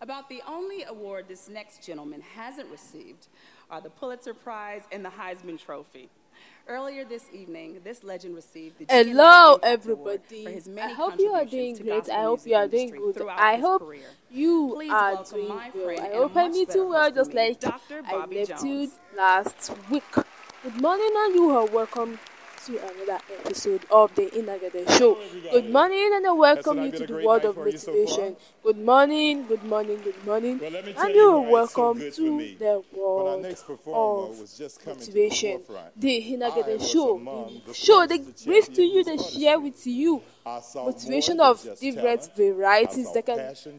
About the only award this next gentleman hasn't received are the Pulitzer Prize and the Heisman Trophy. Earlier this evening, this legend received the Hello, everybody. I hope you are doing great. I hope you are doing good. I hope career. you Please are doing good. I hope I meet you well, just like Dr. Bobby I left Jones. you last week. Good morning, and you are welcome to another episode of the Inagade Show. Good morning, and I welcome you to the world of motivation. Good morning, good morning, good morning, well, and you're you welcome so to the world of motivation. The Inagade Show, the show that brings to you, the share with you motivation of different talent, varieties that can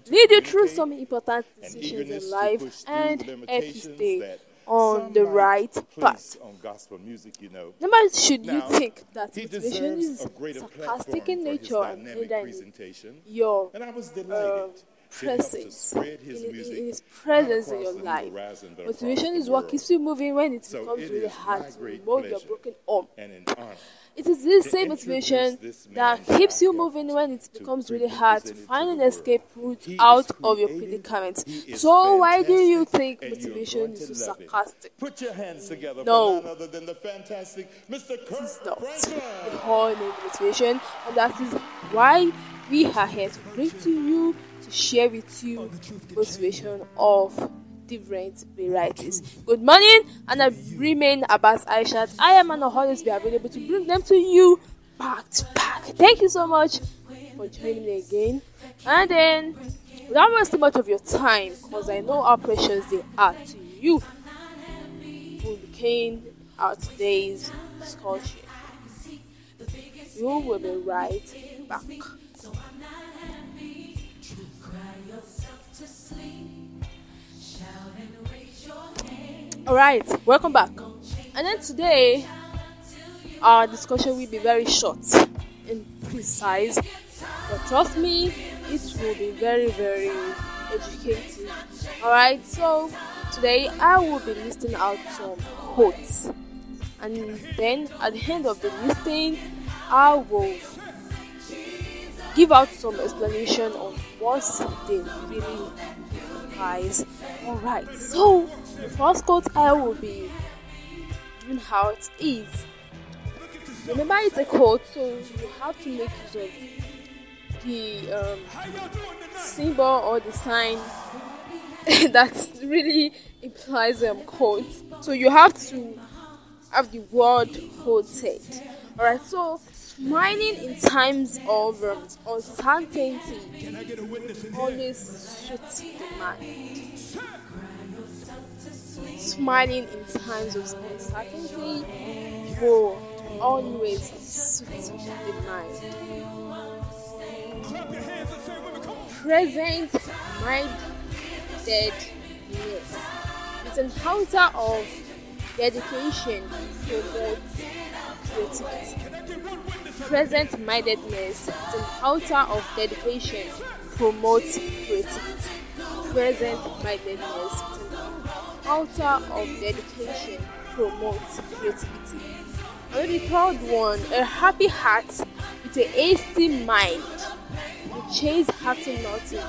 lead you through some important decisions in life and every day on the right path. Music, you know. should you think that motivation is sarcastic in nature and your and I was uh, delighted. Uh, presence, in, in, His presence in your life. Motivation is what keeps you moving when it so becomes it really hard to mold your broken arm. It is this same motivation that keeps you moving when it becomes really hard to find an escape route out of your predicament. So why do you think motivation is so sarcastic? Put your hands mm, together no, for other than the fantastic Mr. Kurt it is not. The whole motivation, and that is why we are here to bring to you to share with you motivation of different varieties. Good morning, and I remain Abbas Aishat. I am an i always be available to bring them to you back packed. back. Thank you so much for joining me again. And then, without wasting much of your time, because I know how precious they are to you, we begin our today's discussion. You will be right back. All right, welcome back. And then today, our discussion will be very short and precise, but trust me, it will be very, very educative. All right, so today I will be listing out some quotes, and then at the end of the listing, I will give out some explanation was they really guys alright so the first quote I will be doing how it is remember it's a quote, so you have to make use of the um, symbol or the sign that really implies um quote. so you have to have the word quoted. All right, so smiling in times of um, uncertainty always shoots the mind. Smiling in times of uncertainty will always suit the mind. Present yes. It's an encounter of dedication to God's Present mindedness the an altar of dedication, promotes creativity. Present mindedness an altar of dedication, promotes creativity. And the third one, a happy heart with a hasty mind. We chase after nothing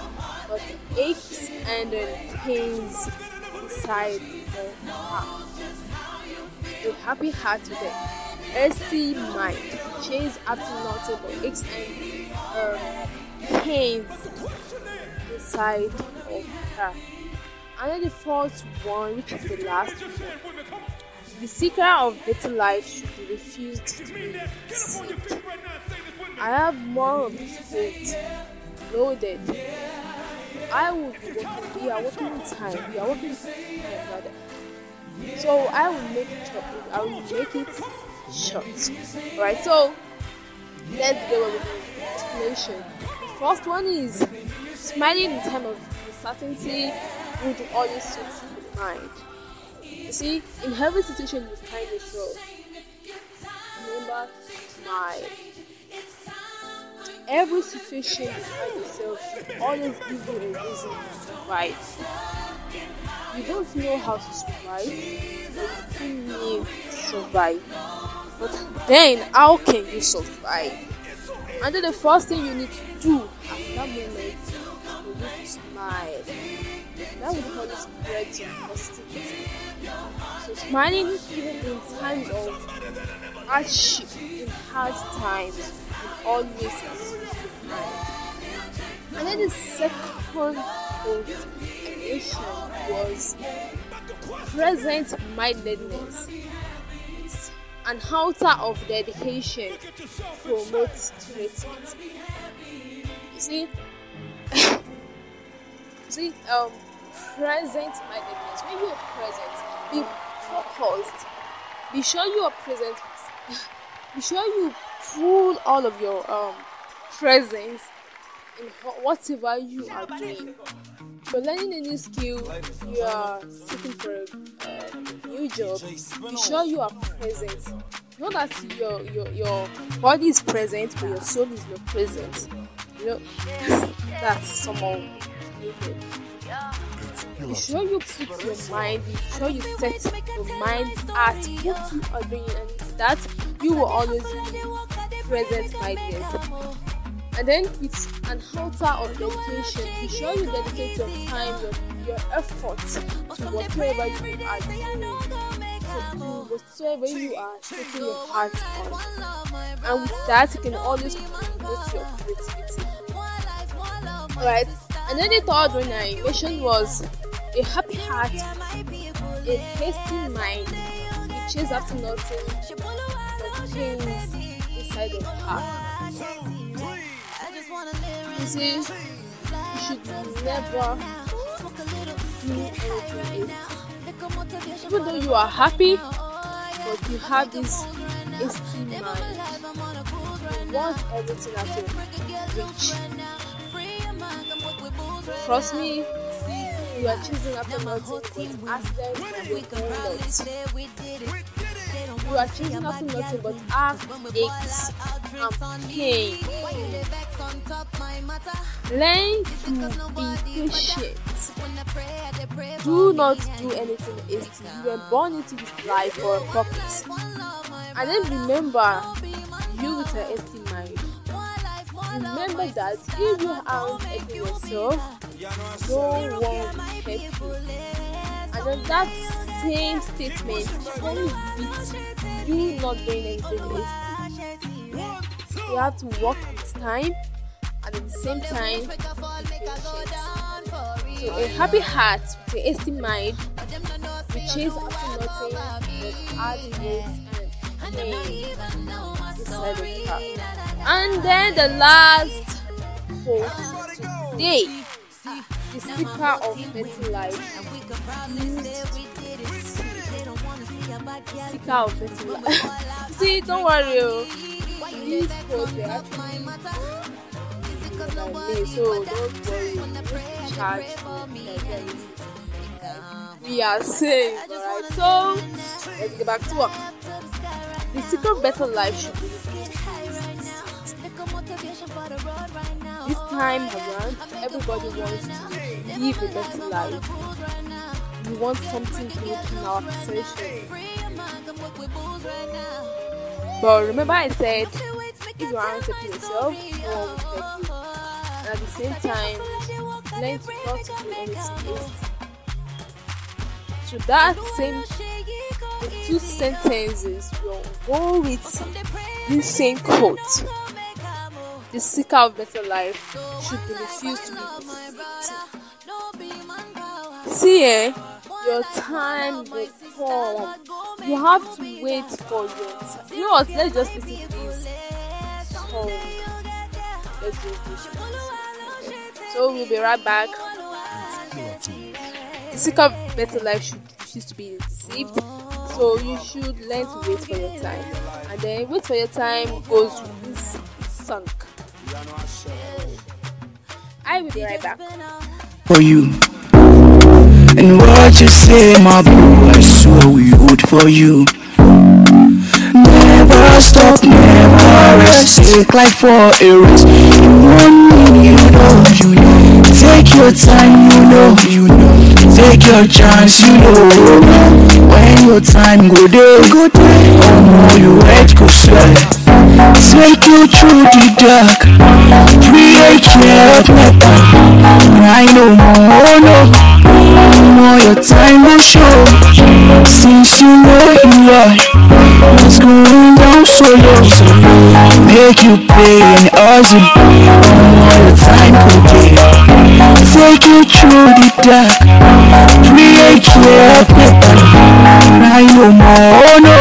but aches and pains inside the heart. A happy heart with a hasty mind chase after nothing but aches and pains um, inside of her. And then the fourth one, which is the last one. The secret of better life should be refused to be I have more of this loaded. I would be working, we are working time, we are working time, brother. So I will make it, I will make it short. Alright, so let's go with the explanation. The first one is smiling in time of uncertainty would always suit your mind. You see, in every situation you find yourself, remember smile. Every situation you find yourself always gives you a reason right. You don't know how to survive, but you need to survive. But then, how can you survive? And then the first thing you need to do at that moment you to smile. That would call spread gratitude. positivity. So smiling even in times of hardship, in hard times, will always be And then the second quote was present mindedness an altar of dedication promotes treatment. You see, see, um, present mindedness. When you are present, be focused. Be sure you are present. Be sure you pull all of your um presence in whatever you are doing. If you're learning a new skill, you are seeking for a. Uh, new job, be sure you are present. Know that your your your body is present, but your soul is not present. You know that's somehow needed. Be sure you put your mind, be sure you set your mind at what you are doing, and that you will always be present minded. And then it's an altar of dedication. Be sure you dedicate your time, your your efforts to whatever you are doing, to do whatever you are putting your heart on. And with that, you can always promote your creativity. Alright, And then the third one I mentioned was a happy heart, a hasty mind, you chase after nothing but things inside of heart. You see, you should never even though you are happy but you have this esteem mind you want everything at your reach trust me you are chasing after nothing but accidents and your you are chasing after nothing but acts, and pain. Learn to be patient do not do anything hasty. You were born into this life for a purpose. And then remember, you with an empty mind. Remember that if you aren't helping yourself, no one will help you. And then that same statement, always beat you not doing anything hasty. You have to work with time and at the same time, so a happy heart with a hasty mind, we chase after nothing but hard and pain inside of her. And then the last quote today, the slipper of better life seeker of better life. See, don't worry, oh. These quotes were actually like this. So don't worry, charge we are safe. Alright, so let's get back to work. The secret better life should be this oh, time around, everybody wants to live a better life. We want something good in our possession. But remember, I said if you aren't happy yourself, no one will help you at the same time learn to not be elitist. To that same two sentences will go with the same quote. The seeker of better life should be refused to be deceived. See, eh? your time will come. You have to wait for your time. You know what? Let's just listen to this song. So we'll be right back. The sick of better life should choose to be deceived. So you should learn to wait for your time. And then wait for your time goes sunk. I will be right back. For you. And what you say, my boy? I swear we would for you. Never stop, never rest, take like for a rest. You want me, you know, you know. Take your time, you know, you know. Take your chance, you know. When your time go there, go there. Oh, no, you head go sweat. Take you through the dark. Create your Take you playing us all the time today. Take you through the dark. Create your paper. Cry no more, oh no.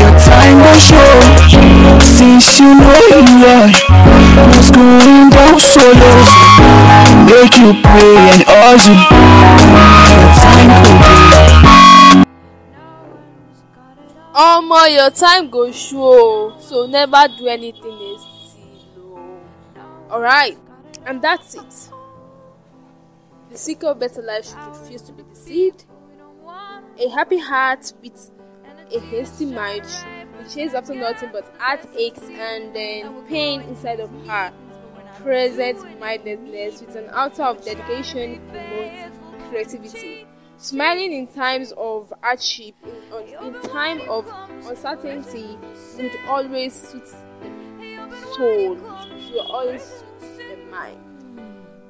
Your time will show. Since you know you are, what's going down follows. Make you pray and us all the time today omo your time go show so never do anything alright and that's it the seeker of better life should refuse to be deceived a happy heart with a hasty mind she chase after nothing but heartaches and then pain inside of her present mindedness with an outer of dedication creativity Smiling in times of hardship, in, in time of uncertainty, would always suit the soul, it always suit the mind.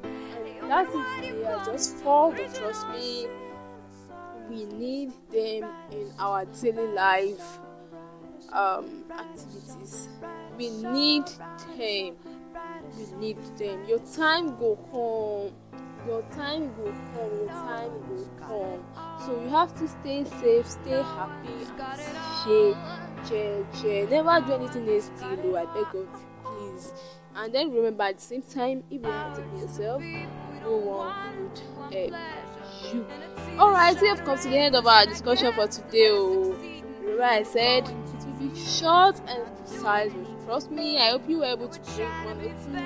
And that is, they are just the trust me. We need them in our daily life um, activities. We need them. We need them. Your time go come your time will come your time will come so you have to stay safe stay happy and stay, jẹ́jẹ́ never do anything hasty o oh, i beg of you please and then remember at the same time if you want to be yourself no one would help you. alright we have come to the end of our discussion for today o oh. remember i said it will be short and precise but trust me i hope you were able to bring one or two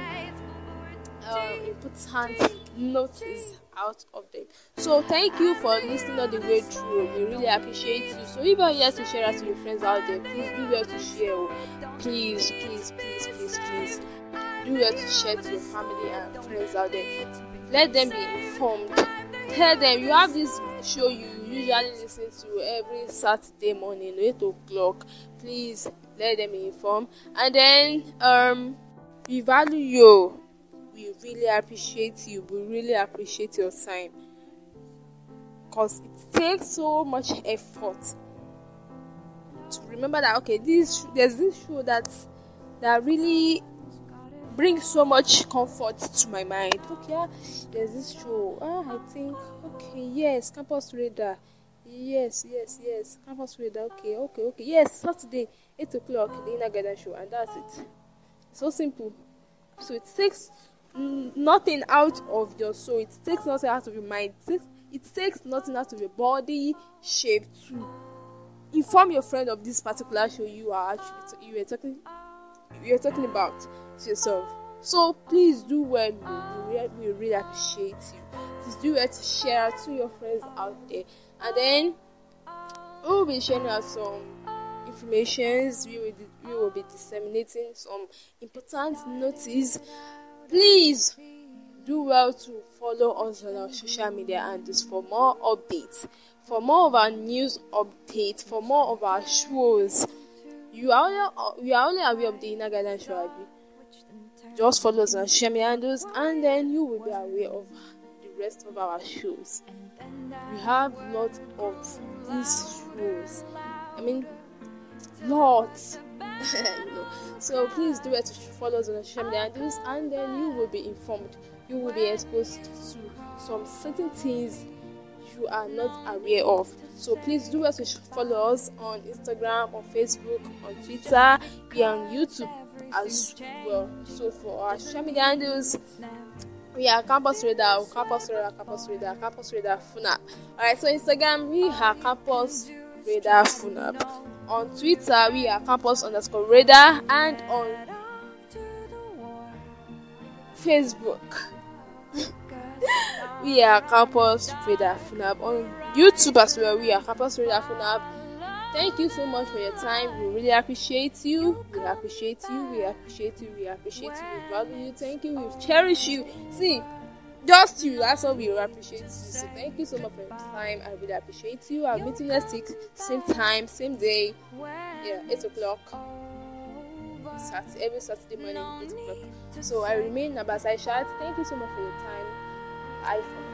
um, important. Notes out of them. So thank you for listening all the way through. We really appreciate you. So if you're to share us to your friends out there, please do well to share. Oh. Please, please, please, please, please. Do well to share to your family and friends out there. Let them be informed. Tell them you have this show you usually listen to every Saturday morning, eight o'clock. Please let them be informed. And then um we value you. we really appreciate you. We really appreciate your time. Because it takes so much effort to remember that okay, this there's this show that that really brings so much comfort to my mind. Okay, ah, there's this show. Ah, I think okay, yes, campus radar. Yes, yes, yes. Campus radar. Okay, okay, okay. Yes, Saturday, eight o'clock, the inner garden show, and that's it. So simple. So it takes nothing out of your soul. It takes nothing out of your mind. It takes, it takes nothing out of your body shape to inform your friend of this particular show you are actually you are talking you are talking about to yourself. So please do well. We, we, we really appreciate you. Please do well to share to your friends out there, and then we will be sharing out some informations. We will we will be disseminating some important notice Please do well to follow us on our social media and just for more updates, for more of our news updates, for more of our shows. You are only, are only aware of the inner guidance show, Just follow us on social media handles, and then you will be aware of the rest of our shows. We have lots of these shows. I mean, lots. So please do it to follow us on social media and then you will be informed. You will be exposed to some certain things you are not aware of. So please do us to follow us on Instagram, on Facebook, on Twitter, and on YouTube as well. So for our social media handles, we are Campus Radar, oh, Campus Radar, Campus Radar, Campus Radar Funa. Alright, so Instagram we are Campus Radar Funa. On Twitter, we are campus underscore radar and on Facebook. we are Campus Radar Funab. On YouTube as well, we are Campus Radar Funab. Thank you so much for your time. We really appreciate you. We appreciate you. We appreciate you. We appreciate you. We value you. Thank you. We cherish you. See, just you. That's all we appreciate you. So thank you so much for your time. I really appreciate you. I'm meeting next week, same time, same day. Yeah, eight o'clock. Saturday, every Saturday morning, eight o'clock. So I remain Nabasai Shad. Thank you so much for your time. I.